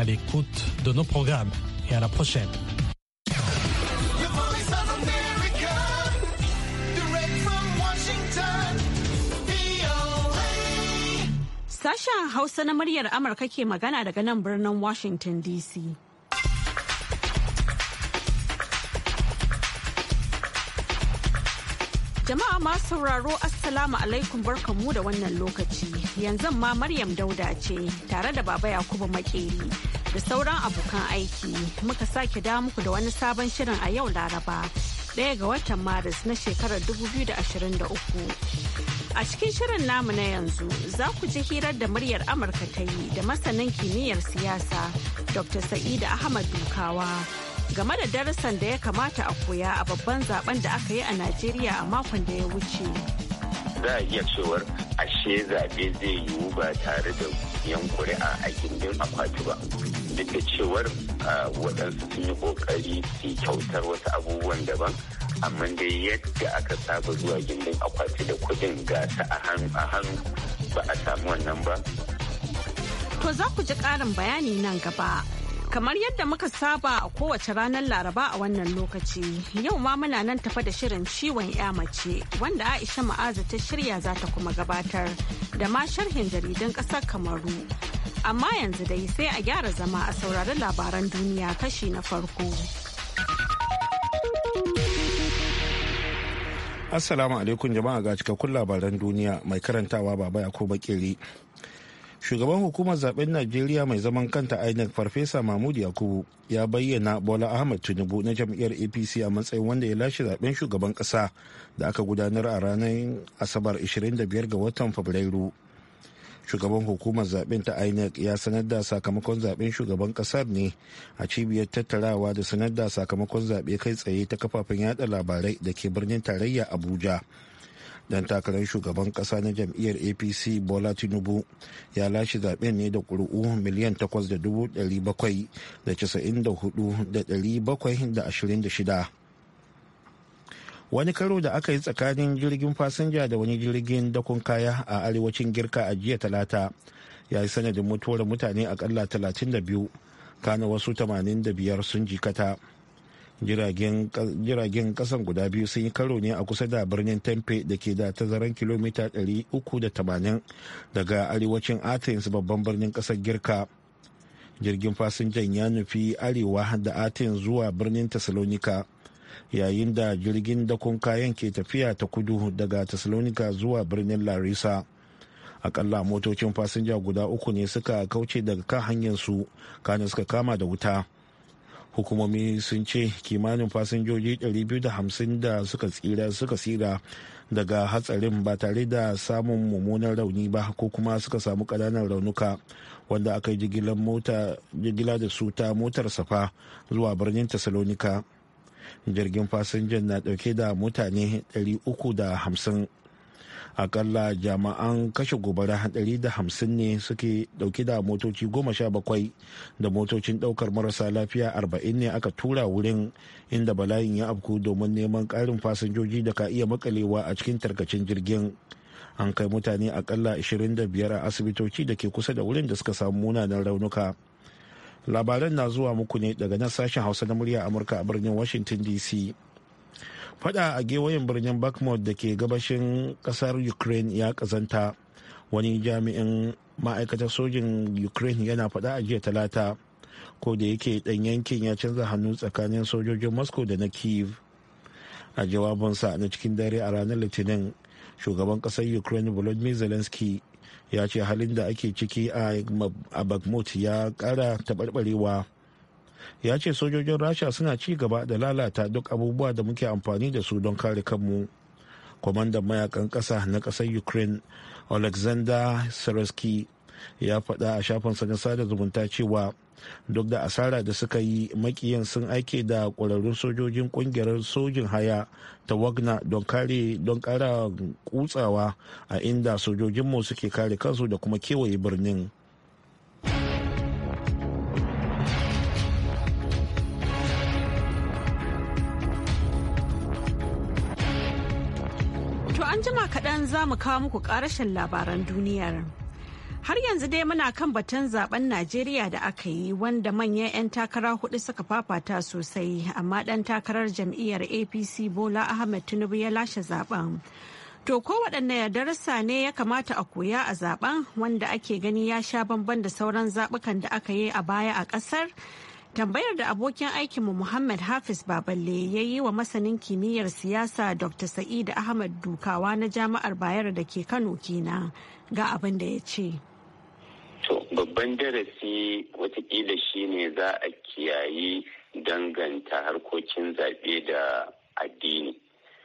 à l'écoute de nos programmes et à la prochaine. Sasha, Hausa na muryar Amurka ke magana daga nan birnin Washington DC. Jama'a masu sauraro Assalamu alaikum barkamu da wannan lokaci. Yanzu ma Maryam Dauda ce tare da Baba Yakubu Makeri da sauran abokan aiki muka sake da muku da wani sabon shirin a yau Laraba ɗaya ga watan Maris na shekarar 2023. A cikin shirin namu na yanzu za ku ji hirar da muryar Amurka ta yi da masanin kimiyyar siyasa Dr. Sa'ida Ahmad Dukawa. game da darussan da ya kamata a koya a babban zaben da aka yi a Najeriya a makon da ya wuce. Za a iya cewar ashe zaɓe zai yiwu ba tare da yan kuri'a a gindin akwati ba. Duk da cewar waɗansu sun yi ƙoƙari su kyautar wasu abubuwan daban. Amma dai yadda aka saba zuwa gindin akwati da kuɗin gasa a hannu ba a samu wannan ba. To za ku ji ƙarin bayani nan gaba. Kamar yadda muka saba a kowace ranar Laraba a wannan lokaci, yau ma muna nan tafa da shirin ciwon ya mace wanda Aisha ma'aza ta shirya za ta kuma gabatar da ma sharhin jaridan ƙasar Kamaru. Amma yanzu dai sai a gyara zama a saurari labaran duniya kashi na farko. Assalamu alaikum jama'a ga cikakkun labaran duniya mai karantawa baba ya ko shugaban hukumar zaben najeriya mai zaman kanta inec farfesa mahmud yakubu ya bayyana bola ahmed tinubu na jam'iyyar apc a matsayin wanda ya lashe zaben shugaban kasa da aka gudanar a ranar asabar 25 ga watan fabrairu shugaban hukumar zaben ta inec ya sanar da sakamakon zaben shugaban kasar ne a cibiyar tattarawa da sanar da sakamakon zaɓe kai tsaye ta kafafen yada labarai da ke birnin tarayya abuja dan takarar shugaban kasa na jam'iyyar apc bola tinubu ya lashe zaben ne da ƙuri'u miliyan 8,794,726 wani karo da aka yi tsakanin jirgin fasinja da wani jirgin dakon kaya a arewacin girka a jiya talata ya yi sanadin mutuwar mutane akalla 32 kana wasu 85 sun jikata. jiragen kasan guda biyu sun yi karo ne a kusa da birnin tempe da ke da tazaran kilomita 380 daga arewacin athens babban birnin kasar girka jirgin fasinjan ya nufi arewa da athens zuwa birnin thessalonica yayin da jirgin dakon kayan ke tafiya ta kudu daga thessalonica zuwa birnin larissa akalla motocin fasinja guda uku ne suka kauce daga kan hanyar su kana suka kama da wuta hukumomi sun ce kimanin fasinjoji 250 da suka tsira suka tsira daga hatsarin ba tare da samun mummunan rauni ba ko kuma suka samu ƙananan raunuka wanda aka yi jigila da su ta motar safa zuwa birnin Thessalonica. jirgin fasinjan na dauke da mutane 350 akalla jama'an kashe gobara 150 da hamsin ne suke dauke da motoci goma sha bakwai da motocin daukar marasa lafiya arba'in ne aka tura wurin inda bala'in ya afku domin neman karin fasinjoji da ka iya makalewa a cikin tarkacin jirgin an kai mutane akalla 25 a asibitoci da ke kusa da wurin da suka samu munanan raunuka labaran na zuwa muku ne daga nan sashen hausa na murya amurka a birnin washington dc fada a gewayen birnin bakmod da ke gabashin kasar ukraine ya kazanta wani jami'in ma'aikatar sojin ukraine yana fada a jiya talata ko da yake dan yankin ya canza hannu tsakanin sojojin moscow da na kiev a jawabinsa na cikin dare a ranar litinin shugaban kasar ukraine volodymyr zelensky ya ce halin da ake ciki a bakhmut ya kara taɓarɓarewa ya ce sojojin rasha suna ci gaba da lalata duk abubuwa da muke amfani da su don kare kanmu kwamandan mayakan ƙasa na ƙasar ukraine alexander sereski ya faɗa a shafin na sada zumunta cewa duk da asara da suka yi makiyan sun aike da ƙwararrun sojojin ƙungiyar sojin haya ta wagner don kare don ƙara kutsawa a inda sojojinmu suke kare kansu da kuma kewaye birnin an jima kaɗan za mu kawo muku ƙarashin labaran duniyar. Har yanzu dai muna kan batun zaben Najeriya da aka yi wanda manyan 'yan takara hudu suka fafata sosai amma ɗan takarar jam'iyyar APC Bola Ahmed Tinubu ya lashe zaben. To ko waɗanne darasa ne ya kamata a koya a zaben wanda ake gani ya sha bamban da sauran zaɓukan da aka yi a baya a ƙasar? Tambayar da abokin aikinmu Muhammad Hafiz Baballe ya yi wa masanin kimiyyar siyasa Dr. Sa'id Ahmad Dukawa na Jami'ar Bayero da ke Kano kina ga abin da ya ce. To babban darasi watakila shine za a kiyayi danganta harkokin zaɓe da addini.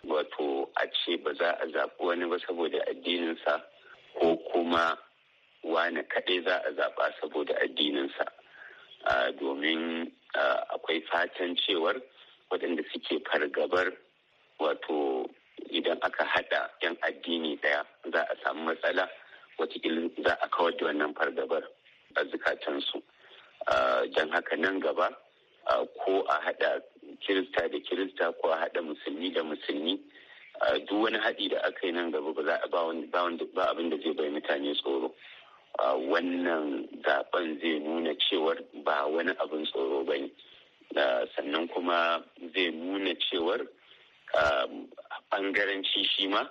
Wato a ce ba za a zaɓi wani ba saboda addininsa ko kuma wani kaɗai za a zaɓa saboda addininsa. domin akwai fatan cewar waɗanda suke fargabar wato idan aka haɗa 'yan addini ɗaya za a samu matsala watakila za a kawar da wannan fargabar a zukatansu jan haka nan gaba ko a haɗa kirista da kirista ko a haɗa musulmi da musulmi duk wani haɗi da aka yi nan gaba ba za ba abin da zai bai mutane tsoro wannan zaben zai nuna cewar ba wani abin tsoro ba ne sannan kuma zai nuna cewar bangaranci shi ma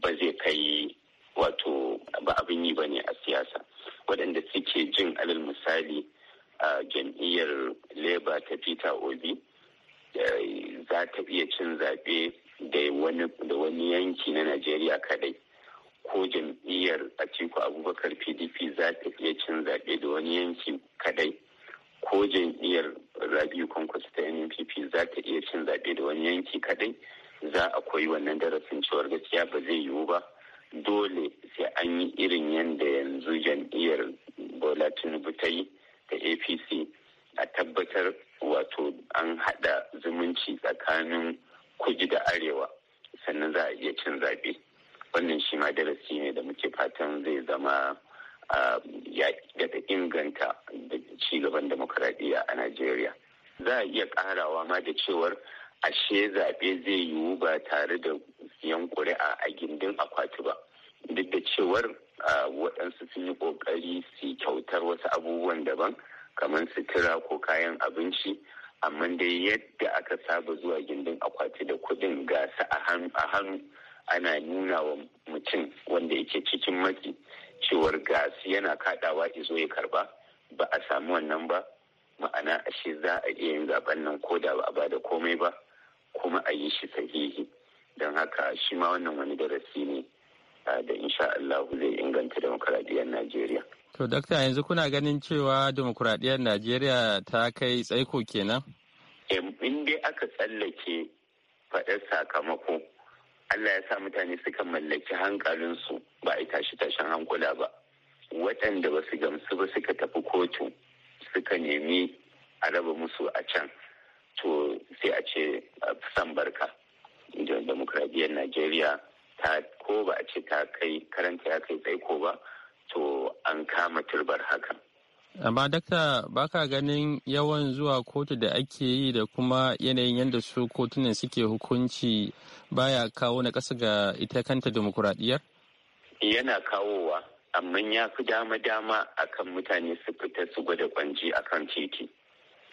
ba zai kai wato ba abin yi ba ne a siyasa waɗanda suke jin alal misali jam'iyyar leba ta peter obi za ta iya cin zaɓe da wani yanki na najeriya kadai ko jam'iyyar Atiku Abubakar PDP za ta iya cin zaɓe da wani yanki kadai ko jam'iyyar Rabiu Kwankwaso ta NPP za ta iya cin zaɓe da wani yanki kadai za a koyi wannan darasin cewar gaskiya ba zai yiwu ba dole sai an yi irin yadda yanzu jam'iyyar Bola Tinubu ta yi ta APC a tabbatar wato an haɗa zumunci tsakanin kuji da arewa sannan za a iya cin zaɓe. wannan shi ma darasi ne da muke fatan zai zama um, ya daga inganta da gaban demokuraɗiyya a najeriya za a iya ƙarawa ma da cewar ashe zaɓe zai yiwu ba tare da siyan ƙuri'a a gindin akwati ba duk da cewar uh, waɗansu sun yi ƙoƙari su kyautar wasu abubuwan daban kamar sutura ko kayan abinci amma dai yadda aka saba zuwa gindin akwati da kuɗin gasa a hannu ana nuna wa mutum wanda yake cikin maki cewar gasi yana kadawa izo ya karba ba a samu wannan ba ma'ana ashe za a iya yin zaben nan ko da ba a bada komai ba kuma a yi shi sahihi don haka shi ma wannan wani darasi ne da insha Allah zai inganta demokuraɗiyyar Najeriya. To, Dakta yanzu kuna ganin cewa demokuraɗiyyar Najeriya ta kai tsaiko kenan? In dai aka tsallake faɗar sakamako Allah ya sa mutane suka mallaki hankalinsu ba a tashi tashin hankula ba waɗanda ba su gamsu ba suka tafi kotu suka nemi a raba musu a can to sai a ce san barka demokradiyyar najeriya ta ko ba a ce ta kai karanta ya kai tsaiko ba to an kama turbar hakan amma dakta baka ganin yawan zuwa kotu da ake yi da kuma yanayin yadda su kotunan suke hukunci baya kawo na ƙasa ga ita kanta demokuraɗiyyar? yana kawowa amma ya fi dama-dama akan mutane su fita su gwada kwanji akan titi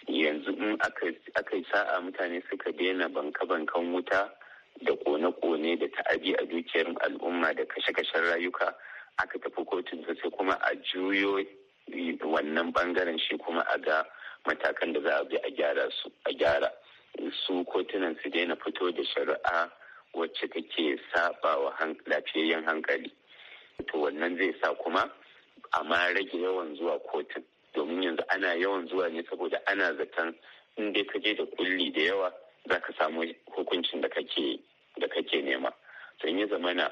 yanzu in aka sa'a mutane suka daina banka-bankan wuta da kone-kone da ta'abi a dukiyar al'umma da kashe-kashen rayuka aka tafi kotun sai kuma a juyo wannan bangaren shi kuma a ga matakan da za a bi a gyara su kotunan su daina fito da shari'a wacce take saba wa lafiyayyen hankali to wannan zai sa kuma a ma rage yawan zuwa kotun domin yanzu ana yawan zuwa ne saboda ana zaton in dai ka je da kulli da yawa za ka samu hukuncin da kake nema to in ya zamana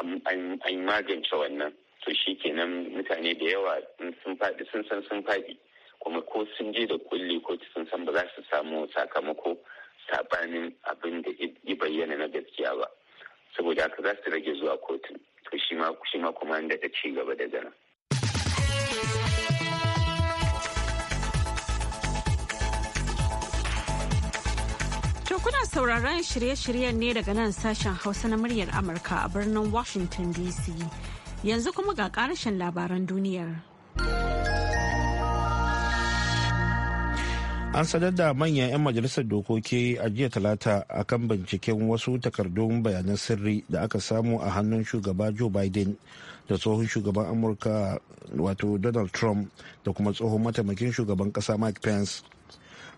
an magance wannan so shi kenan mutane da yawa sun faɗi sun san sun faɗi kuma ko sun je da kulle ko sun san ba za su samu sakamako sabanin abin da ya bayyana na gaskiya ba saboda haka za su rage zuwa kotun to shi ma kuma an daga ci gaba daga nan. To kuna sauraron shirye-shiryen ne daga nan sashen Hausa na muryar Amurka a birnin Washington DC. Yanzu kuma ga karshen labaran duniyar. An sadar da manyan 'yan majalisar dokoki a jiya talata akan binciken wasu takardun bayanan sirri da aka samu a hannun shugaba Joe Biden da tsohon shugaban Amurka wato Donald Trump da kuma tsohon mataimakin shugaban ƙasa Mike Pence.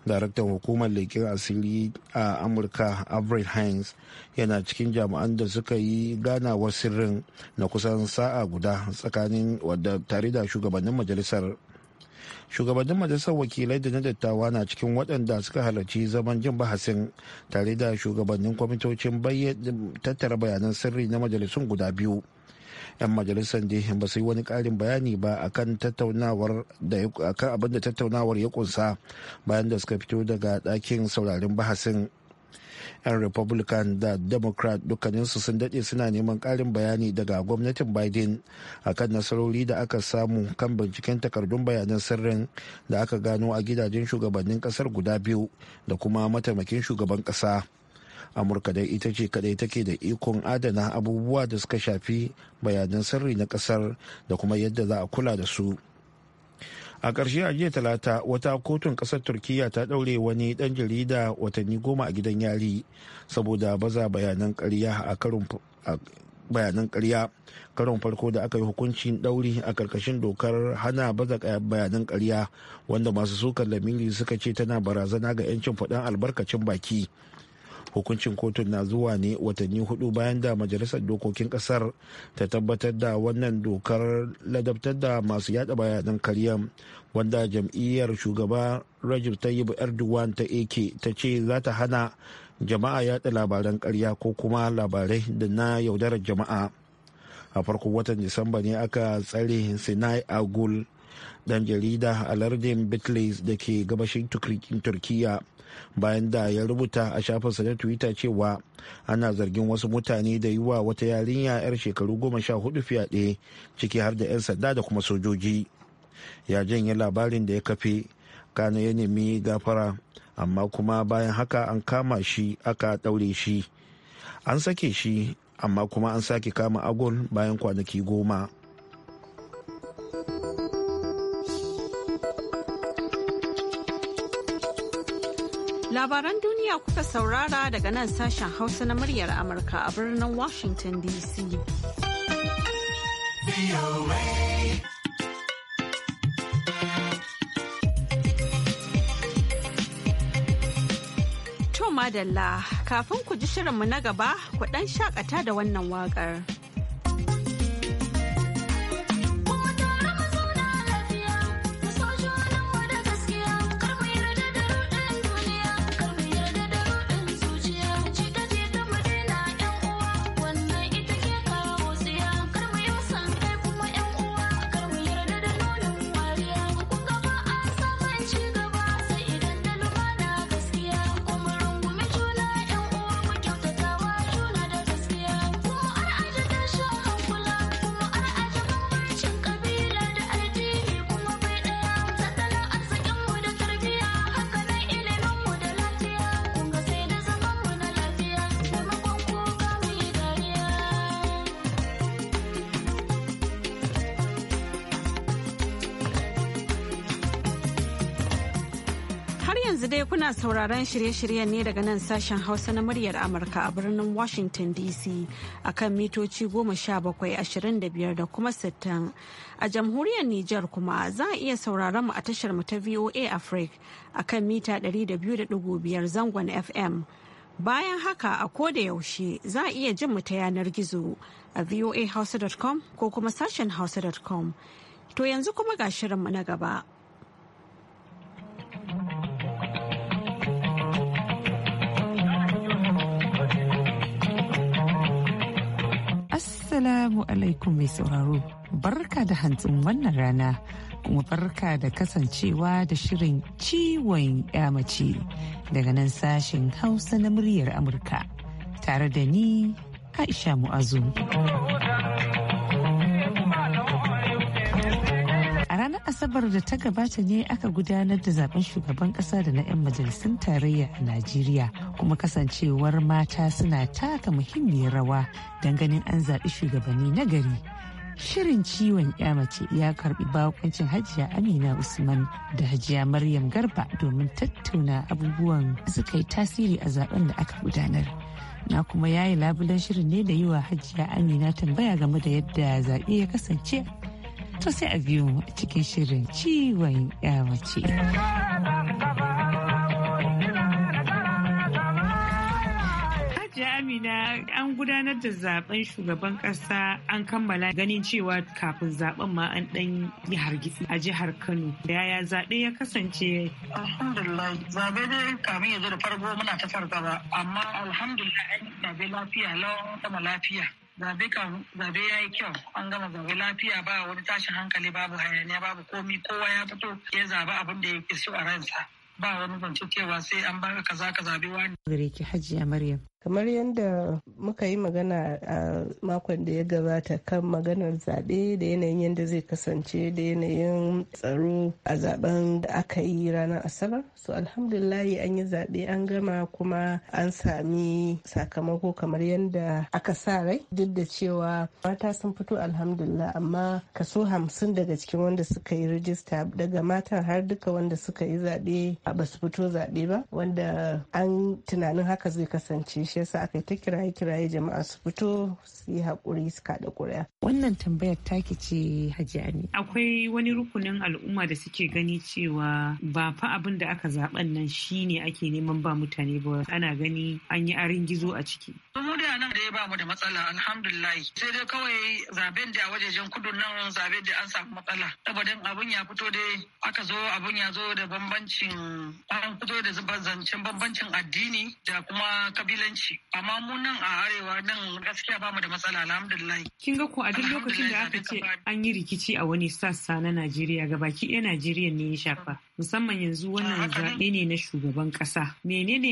daraktan hukumar leƙen asiri a amurka avril hines yana cikin jami'an da suka yi ganawar sirrin na kusan sa'a guda tsakanin wadda tare da shugabannin majalisar shugabannin majalisar wakilai da na dattawa na cikin waɗanda suka halarci zaman jin bahasin tare da shugabannin kwamitocin tattara bayanan sirri na majalisun guda biyu 'yan majalisar jihin ba su yi wani ƙarin bayani ba akan tattaunawar da abin da tattaunawar ya kunsa bayan da suka fito daga ɗakin saurarin bahasin 'yan republican da democrat dukkaninsu sun dade suna neman ƙarin bayani daga gwamnatin biden akan nasarori da aka samu kan binciken takardun bayanan sirrin da aka gano a gidajen shugabannin kasar guda biyu da kuma mataimakin shugaban kasa. amurka dai ita ce kadai take da ikon adana abubuwa da suka shafi bayanan sirri na kasar da kuma yadda za a kula da su a ƙarshe a jiya talata wata kotun ƙasar turkiya ta ɗaure wani ɗan jarida watanni goma a gidan yari saboda baza bayanan ƙarya a karin karon farko da aka yi hukuncin ɗauri a ƙarƙashin dokar hana baza bayanan ƙarya wanda masu sukan lamiri suka ce tana barazana ga 'yancin faɗan albarkacin baki hukuncin kotun na zuwa ne watanni hudu bayan da majalisar dokokin kasar ta tabbatar da wannan dokar ladabtar da masu yada bayanan karya wanda jam'iyyar shugaba rajib tayyib erdogan ta ake ta ce za ta hana jama'a yada labaran karya ko kuma labarai da na yaudarar jama'a a farkon watan disamba ne aka tsare sinai agul dan jarida alardin bitlis da ke gabashin turkiya bayan da ya rubuta a shafinsa na twitter cewa ana zargin wasu mutane da yi wa wata yarinya 'yar shekaru goma sha hudu fyaɗe ciki har da 'yan sanda da kuma sojoji ya janye labarin da ya kafe kana ya nemi gafara amma kuma bayan haka an kama shi aka ɗaure shi an sake shi amma kuma an sake kama agon bayan kwanaki goma Labaran duniya kuka saurara daga nan sashen Hausa na muryar Amurka a birnin Washington DC. To madalla kafin ku ji shirinmu na gaba ku ɗan shakata da wannan waƙar. yanzu dai kuna sauraron shirye-shiryen ne daga nan sashen Hausa na muryar Amurka a birnin Washington DC a kan mitoci 17,25 da kuma 60. A jamhuriyar Nijar kuma za a iya sauraron mu a tashar mu ta VOA Africa a kan mita 200.5 zangon FM. Bayan haka a koda yaushe za a iya jin mu ta yanar gizo a voahausa.com ko kuma sashen hausa.com. To yanzu kuma ga shirinmu na gaba. Assalamu alaikum mai sauraro. Barka da hantsin wannan rana kuma barka da kasancewa da shirin ciwon mace daga nan sashen Hausa na muryar Amurka tare da ni Aisha Mu'azu. ranar asabar da ta gabata ne aka gudanar da zaben shugaban kasa da na 'yan majalisun tarayya a najeriya kuma kasancewar mata suna taka muhimmiyar rawa don ganin an zaɓi shugabanni na gari shirin ciwon ya mace ya karbi bakuncin hajiya amina usman da hajiya maryam garba domin tattauna abubuwan suka yi tasiri a zaben da aka gudanar na kuma yayi labulen shirin ne da yi wa hajiya amina tambaya game da yadda zaɓe ya kasance to sai a biyo mu cikin shirin ciwon ya mace. Amina an gudanar da zaben shugaban kasa an kammala ganin cewa kafin zaben ma an dan yi hargitsi a jihar Kano. Yaya zaɓe ya kasance? Alhamdulillah zaɓe ne kamin yanzu da farko muna ta fargaba amma alhamdulillah an yi zaɓe lafiya lawan sama lafiya. zabe kan zabe ya yi kyau an gama zabe lafiya ba wani tashin hankali babu hayaniya babu komi kowa ya fito ya zaba abin da ya so a ransa ba wani zance cewa sai an baka kaza ka zabe wani. Gare ki Hajiya Maryam kamar yadda muka yi magana a makon da ya gabata kan maganar zaɓe da yanayin yadda zai kasance da yanayin tsaro a zaben da aka yi ranar asabar so alhamdulillahi an yi zaɓe an gama kuma an sami sakamako kamar yadda aka sa rai duk da cewa mata sun fito alhamdulillah amma kaso hamsin daga cikin wanda suka yi rijista daga matan har duka wanda suka yi zaɓe ba su fito zaɓe ba wanda an tunanin haka zai kasance shi yasa aka ta kiraye kiraye jama'a su fito su yi haƙuri su kaɗa ƙuri'a. Wannan tambayar taki ce Hajjani. Akwai wani rukunin al'umma da suke gani cewa ba fa abin da aka zaɓen nan shine ake neman ba mutane ba ana gani an yi arin gizo a ciki. Mu da nan da ya ba mu da matsala alhamdulillah. sai dai kawai zaben da a wajejen kudu nan zaben da an samu matsala saboda abun ya fito dai aka zo abun ya zo da bambancin an fito da zancen bambancin addini da kuma kabilanci shi amma mu nan a arewa nan gaskiya ba mu da matsala alhamdulillah kin ga ko a duk lokacin da aka ce an yi rikici a wani sassa na Najeriya gabaki ɗaya Najeriya ne ya shafa musamman yanzu wannan zaɓe ne na shugaban ƙasa menene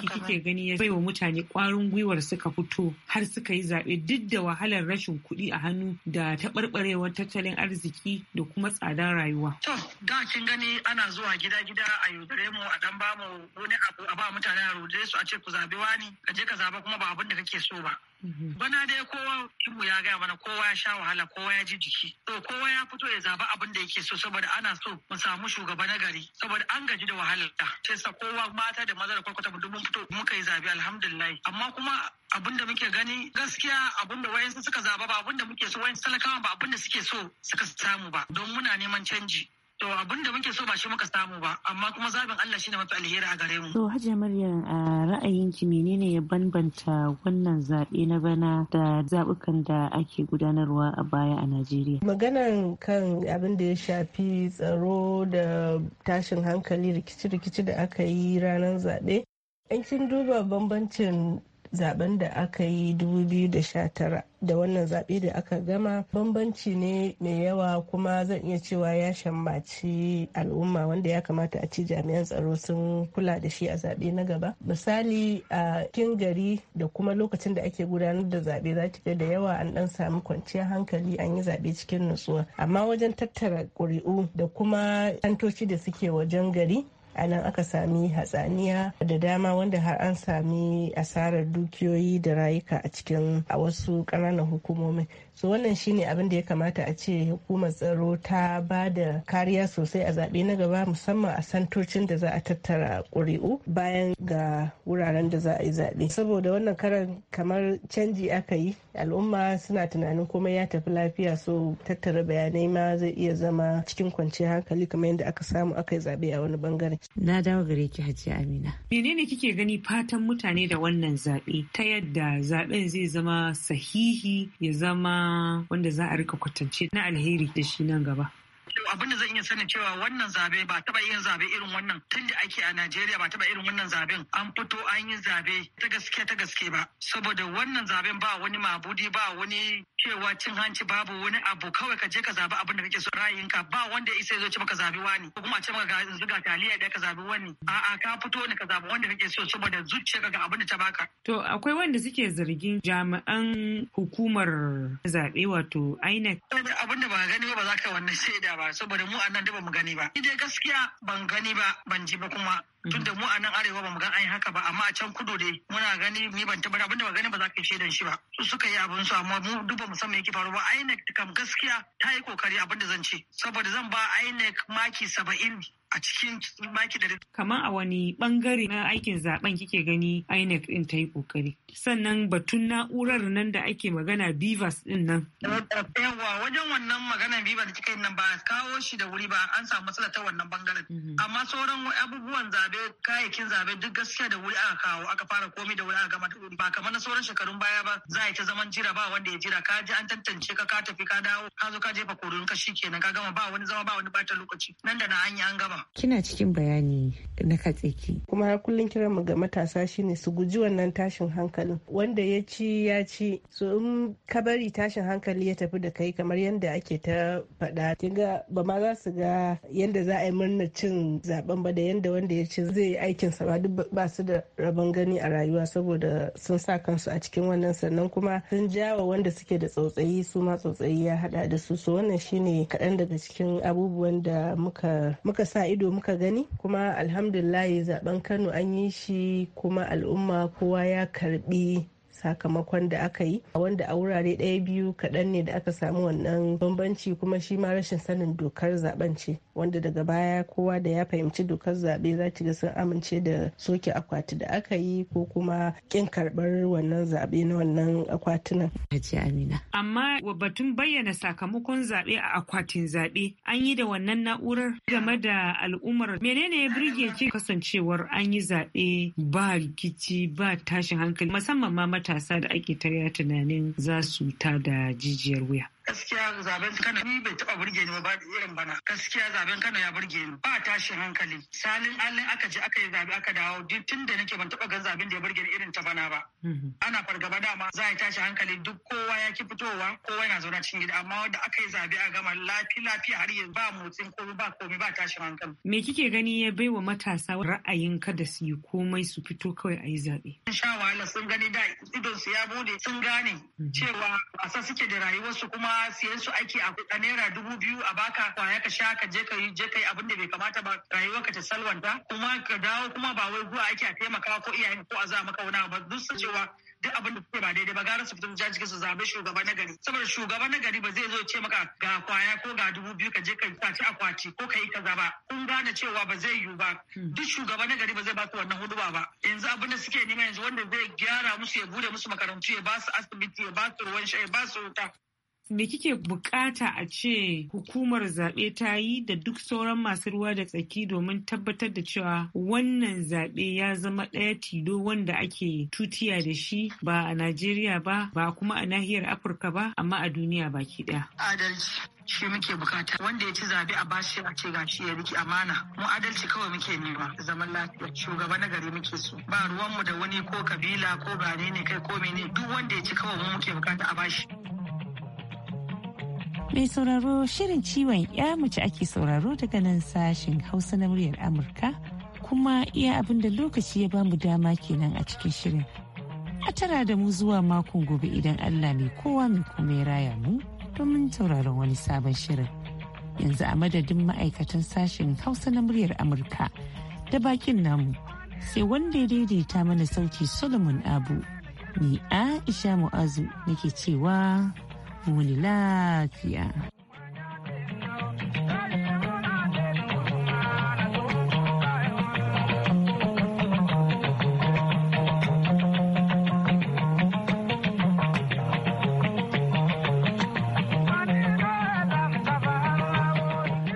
ki kike gani ya baiwa mutane ƙwarin gwiwar suka fito har suka yi zaɓe duk da wahalar rashin kuɗi a hannu da taɓarɓarewar tattalin arziki da kuma tsadar rayuwa. To, da kin gani ana zuwa gida-gida a yaudare mu a dan bamu wani abu a ba mutane a rudare su a ce ku zabi wani ka je ka zaba kuma ba abin da kake so ba mhm. bana dai kowa mu ya gaya mana kowa ya sha wahala kowa ya ji jiki to kowa ya fito ya zaba abin da yake so saboda ana so mu samu shugaba na gari saboda an gaji da wahalar ta sai sa kowa mata da maza da kwakwata mu mun fito muka yi zabe alhamdulillah amma kuma abin da muke gani gaskiya abin da wayansu suka zaba ba abin da muke so wayansu talakawa ba abin da suke so suka samu ba don muna neman canji To abin da muke so ba shi muka samu ba, amma kuma zaɓin Allah shine mafi alheri a gare mu. To Hajiya Maryam a ra'ayinki menene ya bambanta wannan zaɓe na bana da zaɓukan da ake gudanarwa a baya a Najeriya? Maganar kan abin da ya shafi tsaro da tashin hankali rikici-rikici da aka yi ranar zaɓe. In kin duba bambancin zaben da aka yi 2019 da wannan zaɓe da aka gama bambanci ne mai yawa kuma zan iya cewa ya shammaci al'umma wanda ya kamata a ci jami'an tsaro sun kula da shi a zaɓe na gaba misali a cikin gari da kuma lokacin da ake gudanar da zaɓe za ta da yawa an ɗan samu kwanciyar hankali an yi zaɓe cikin nutsuwa amma wajen tattara ƙuri'u da kuma kantoci da suke wajen gari a nan aka sami hatsaniya da dama wanda har an sami asarar dukiyoyi da rayuka a cikin a wasu ƙananan hukumomin so wannan shine abin da ya kamata a ce hukumar tsaro ta ba da kariya sosai a zaɓe na gaba musamman a santocin da za a tattara ƙuri'u bayan ga wuraren da za a yi zaɓe saboda wannan karan kamar canji aka yi al'umma suna tunanin komai ya tafi lafiya so tattara bayanai ma zai iya zama cikin kwanciyar hankali kamar yadda aka samu aka yi zaɓe a wani bangare. na dawo gare ki hajji amina. menene kike gani fatan mutane da wannan zaɓe ta yadda zaɓen zai zama sahihi ya zama wanda za a rika kwatance na alheri da shi nan gaba abinda zan iya sani cewa wannan zabe ba taba yin zabe irin wannan tun da ake a Najeriya ba taba irin wannan zaben an fito an yi zabe ta gaske ta gaske ba saboda wannan zaben ba wani mabudi ba wani cewa cin hanci babu wani abu kawai ka je ka zabi abin da kake so ra'ayinka ba wanda isa zo ci maka zabi wani ko kuma a ce maka ga ga taliya da ka zabi wani a'a ka fito ne ka zabi wanda kake so saboda zuciyarka ga abin da ta baka to akwai wanda suke zargin jami'an hukumar zabe wato INEC abin da ba gani ba za ka wannan shaida ba saboda mu a nan da ba mu gani ba. Ni dai gaskiya ban gani ba ban ji ba kuma tun da mhm. mu a nan arewa ba mu ga an haka ba amma a can kudu dai muna gani ni ban tabbata abinda ba gani ba za ka shaidan shi ba su suka yi abin su amma mu duba mu san me yake faruwa INEC kam gaskiya ta yi kokari abinda zan ce saboda zan ba INEC maki saba'in a cikin maki da kamar a wani bangare na aikin zaben kike gani INEC din ta yi kokari sannan batun na'urar nan da ake magana Bivas din nan yawa wajen wannan magana Bivas da kika yi nan ba kawo shi da wuri ba an samu matsala ta wannan bangaren mhm. amma sauran abubuwan za zabe kayayyakin zabe duk gaskiya da wuri aka kawo aka fara komai da wuri aka gama ba kamar na sauran shekarun baya ba za a ta zaman jira ba wanda ya jira ka je an tantance ka ka tafi ka dawo ka zo ka jefa koron ka shi kenan ka gama ba wani zama ba wani bata lokaci nan da na an yi an gama. Kina cikin bayani na katsiki. Kuma har kullum kiran mu ga matasa shine su guji wannan tashin hankalin wanda ya ci ya ci so in ka bari tashin hankali ya tafi da kai kamar yadda ake ta faɗa. Kinga ba ma za su ga yadda za a yi murnar cin zaben ba da yadda wanda ya ci shi zai yi aikinsa ba duk ba su da rabon gani a rayuwa saboda sun sa kansu a cikin wannan sannan kuma sun jawa wanda suke da tsautsayi su ma tsautsayi ya hada da su so wannan shine kaɗan daga cikin abubuwan da muka sa ido muka gani kuma alhamdulillah zaben kano an yi shi kuma al'umma kowa ya karbi sakamakon da aka yi A wanda a wurare ɗaya biyu kaɗan ne da aka samu wannan bambanci kuma shi ma rashin sanin dokar zaben ce wanda daga baya kowa da ya fahimci dokar zaɓe za ki ga sun amince da soke akwati da aka yi ko kuma ƙin karɓar wannan zaɓe na wannan akwatunan. Amina. Amma batun bayyana sakamakon zaɓe a akwatin zaɓe an yi da wannan na'urar game da al'ummar menene ya birge ki kasancewar an yi zaɓe ba rikici ba tashin hankali musamman ma mata matasa da ake ta tunanin za su ta da jijiyar wuya. gaskiya zaben kano ni bai taba burge ni ba irin bana gaskiya zaben kano ya burge ni ba tashin hankali salin allin aka je aka yi zabe aka dawo duk tun da nake ban taba gan zaben da ya burge ni irin ta bana ba mhm. ana fargaba dama za a tashi hankali duk kowa ya ki fitowa kowa yana zauna cikin gida amma wanda aka yi zabe a gama lafi lafiya har yanzu ba motsin komai ba komai ba tashin hankali me kike gani ya baiwa matasa ra'ayin kada su yi komai su fito kawai a yi zabe sha wahala sun gani da idon su ya bude sun gane mhm. cewa wasa suke da rayuwarsu kuma siyan su aiki a naira dubu biyu a baka kwaya ka sha ka je ka yi je ka yi abin da bai kamata ba rayuwar ka ta salwanta kuma ka dawo kuma ba wai zuwa aiki a taimaka ko iyaye ko a za maka wani ba duk su cewa duk abin da kuke ba daidai ba gara su fitin jaji su zabe shugaba na gari saboda shugaba na ba zai zo ce maka ga kwaya ko ga dubu biyu ka je ka kwaci akwati ko ka yi kaza ba kun gane cewa ba zai yiwu ba hmm. duk shugaba na gari ba zai ba su wannan huduba ba yanzu abin da suke nema yanzu wanda zai gyara musu ya bude musu makarantu ya ba su asibiti ya ba su ruwan sha ya ba su wuta me kike bukata a ce hukumar zaɓe ta yi da duk sauran masu ruwa da tsaki domin tabbatar da cewa wannan zaɓe ya zama ɗaya tilo wanda ake tutiya da shi ba a Najeriya ba ba kuma a nahiyar Afirka ba amma a duniya baki ɗaya. Adalci shi muke bukata wanda ya ci zaɓe a bashi a ce shi ya riki amana mu adalci kawai muke nema zaman lafiya shugaba na gari muke so ba ruwanmu da wani ko kabila ko bane ne kai ko mene duk wanda ya ci kawai mu muke bukata a bashi Mai sauraro shirin ciwon ya mace ake sauraro daga nan sashen Hausa na muryar Amurka kuma iya abin da lokaci ya bamu dama kenan a cikin shirin. A tara da mu zuwa makon gobe idan Allah mai kowa mai kuma ya raya mu domin tauraron wani sabon shirin. Yanzu a madadin ma'aikatan sashen Hausa na muryar Amurka da bakin namu sai wanda ya daidaita mana sauti Solomon Abu. Ni Aisha Mu'azu nake cewa wani lafiya.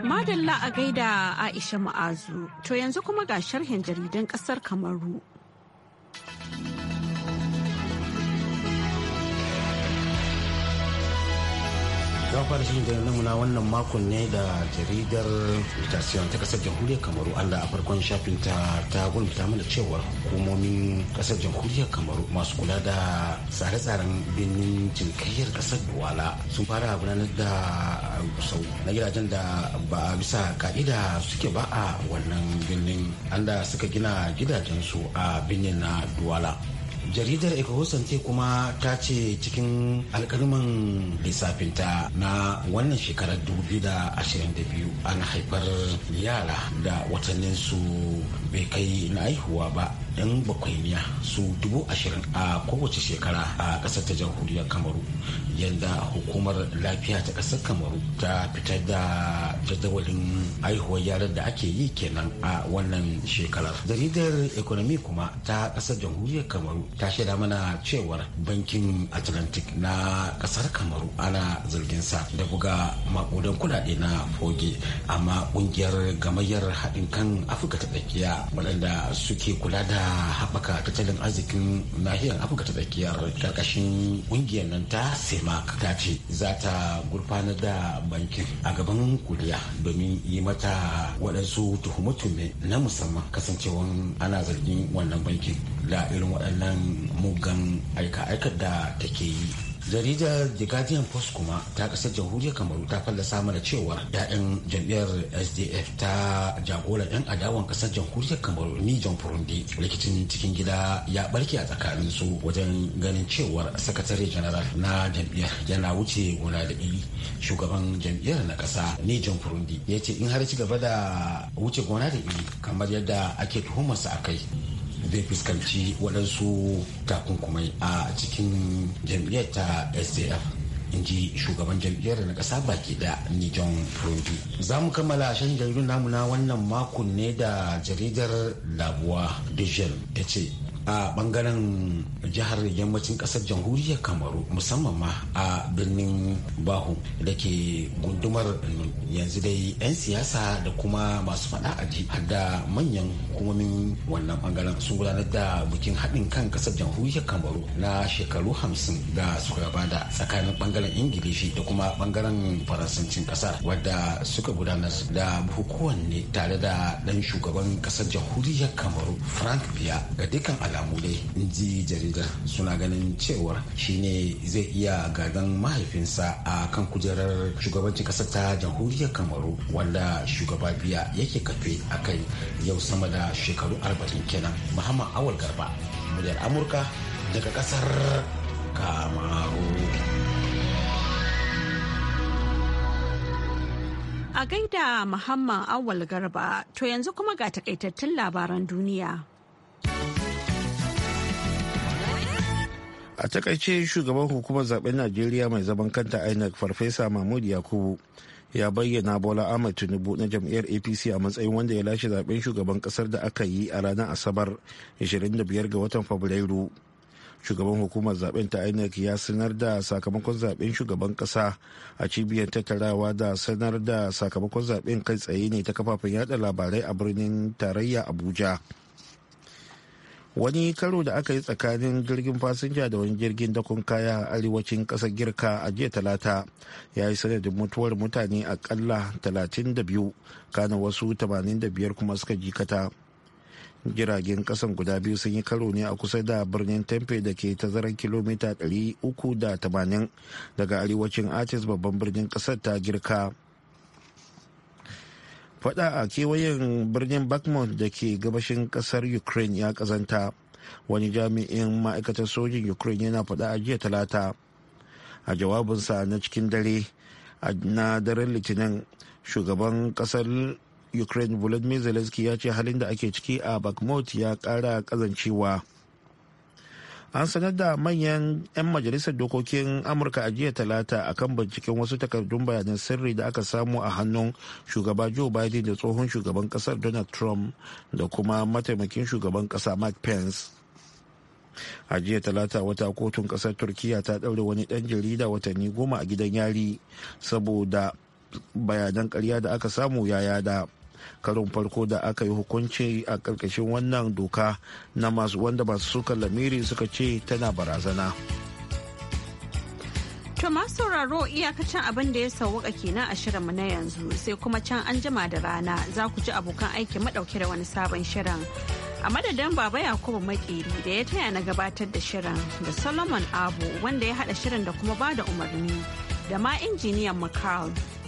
Madalla a gaida Aisha Ma'azu, to yanzu kuma ga sharhin jaridan ƙasar Kamaru fara shirin da namuna wannan makon ne da jaridar mutation ta kasar jamhuriyar kamaru allah a farkon shafin ta ta gulmta mana cewar hukumomin kasar jamhuriyar kamaru masu kula da tsare-tsaren birnin cinikayyar kasar duwala sun fara gudanar da sau na gidajen da ba a bisa ka'ida suke ba a wannan birnin an da suka gina gidajensu a birnin na duwala jaridar ecohosan kuma ta ce cikin alkalman lissafinta na wannan shekarar 2022 an haifar yara da watanninsu bai kai na haihuwa ba dan bakwainiya su dubu ashirin a kowace shekara a ƙasar ta jamhuriyar kamaru yadda hukumar lafiya ta ƙasar kamaru ta fitar da jadawalin haihuwar yaran da ake yi kenan a wannan shekarar jaridar economy kuma ta ƙasar jamhuriyar kamaru ta shaida mana cewar bankin atlantic na ƙasar kamaru ana zargin sa da buga makudan kudade na foge amma ƙungiyar gamayyar haɗin kan afirka ta tsakiya waɗanda suke kula da haɓaka tattalin arzikin nahiyar afirka ta tsakiyar ƙarƙashin ƙungiyar nan ta semak ta ce za ta gurfanar da bankin a gaban kuriya domin yi mata waɗansu tuhume-tuhume na musamman kasancewan ana zargin wannan bankin da irin waɗannan mugan aika-aikar da take yi jaridar the guardian post kuma ta kasar jamhuriyar kamaru ta fallasa mana cewa ya'yan jam'iyyar sdf ta jagora yan adawan kasar jamhuriyar kamaru ni john furundi rikicin cikin gida ya barke a tsakanin su wajen ganin cewar sakatare general na jam'iyyar yana wuce gona da shugaban jam'iyyar na kasa ni john furundi ya ce in har ci gaba da wuce gona da iri kamar yadda ake tuhumarsa a kai zai fuskanci waɗansu takunkumai a cikin jam'iyyar ta sdf in ji shugaban jam'iyyar na ƙasa baki da nijon furundi za mu kammala shan jaridun namu na wannan makon ne da jaridar labuwa dijel ta ce a bangaren jihar yammacin kasar jamhuriyar kamaru musamman ma a birnin bahu da ke gundumar yanzu dai 'yan siyasa da kuma masu fada a ji da manyan hukumomin wannan bangaren sun gudanar da bikin haɗin kan kasar jamhuriyar kamaru na shekaru hamsin da suka gabata tsakanin bangaren ingilishi da kuma bangaren faransancin kasar wadda suka gudanar da bukukuwan ne tare da dan shugaban kasar jamhuriyar kamaru frank biya ga dukkan alamu dai jaridar suna ganin cewar ne zai iya gadon mahaifinsa a kan kujerar shugabancin kasar ta jamhuriyar kamaru wanda shugaba biya yake kafe a kai yau sama da shekaru arba'in kenan muhammad awal garba muryar amurka daga kasar kamaru a gaida muhammad awal garba to yanzu kuma ga takaitattun labaran duniya a takaice shugaban hukumar zaben najeriya mai zaman kanta inec farfesa mahmud yakubu ya bayyana bola ahmed tinubu na jam'iyyar apc a matsayin wanda ya lashe zaben shugaban kasar da aka yi a ranar asabar 25 ga watan fabrairu shugaban hukumar zaben ta inec ya sanar da sakamakon zaben shugaban kasa a cibiyar tattarawa da sanar da sakamakon zaben kai tsaye ne ta kafafen yada labarai a birnin tarayya abuja wani karo da aka yi tsakanin jirgin fasinja da wani jirgin dakon kaya a arewacin kasar girka a jiya talata ya yi sanadin mutuwar mutane akalla 32 kana wasu 85 kuma suka jikata jiragen kasan guda biyu sun yi karo ne a kusa da birnin tempe da ke tazarar kilomita 380 daga arewacin artis babban birnin kasar ta girka faɗa a kewayen birnin bakmont da ke gabashin kasar ukraine ya kazanta wani jami'in ma'aikatar sojin ukraine yana faɗa a jiya talata a jawabinsa na cikin dare na daren litinin shugaban kasar ukraine volodymyr zelensky ya ce halin da ake ciki a bakmot ya kara kazancewa an sanar da manyan 'yan majalisar dokokin amurka a jiya talata kan binciken wasu takardun bayanan sirri da aka samu a hannun shugaba joe biden da tsohon shugaban kasar donald trump da kuma mataimakin shugaban kasa mike pence a jiya talata wata kotun kasar turkiya ta ɗaure wani ɗan jarida watanni goma a gidan yari saboda bayanan karya da aka samu ya yada karon farko da aka yi hukunci a ƙarƙashin wannan doka na masu wanda masu sukan lamiri suka ce tana barazana. To sauraro iyakacin abin da ya sauwaka kenan a shirinmu na yanzu sai kuma can an jima da rana za ku ji abokan aiki madauke da wani sabon shirin. A madadin Baba Yakubu Makeri da ya taya na gabatar da shirin da Solomon Abu wanda ya haɗa shirin da kuma bada umarni da ma injiniyan mccall.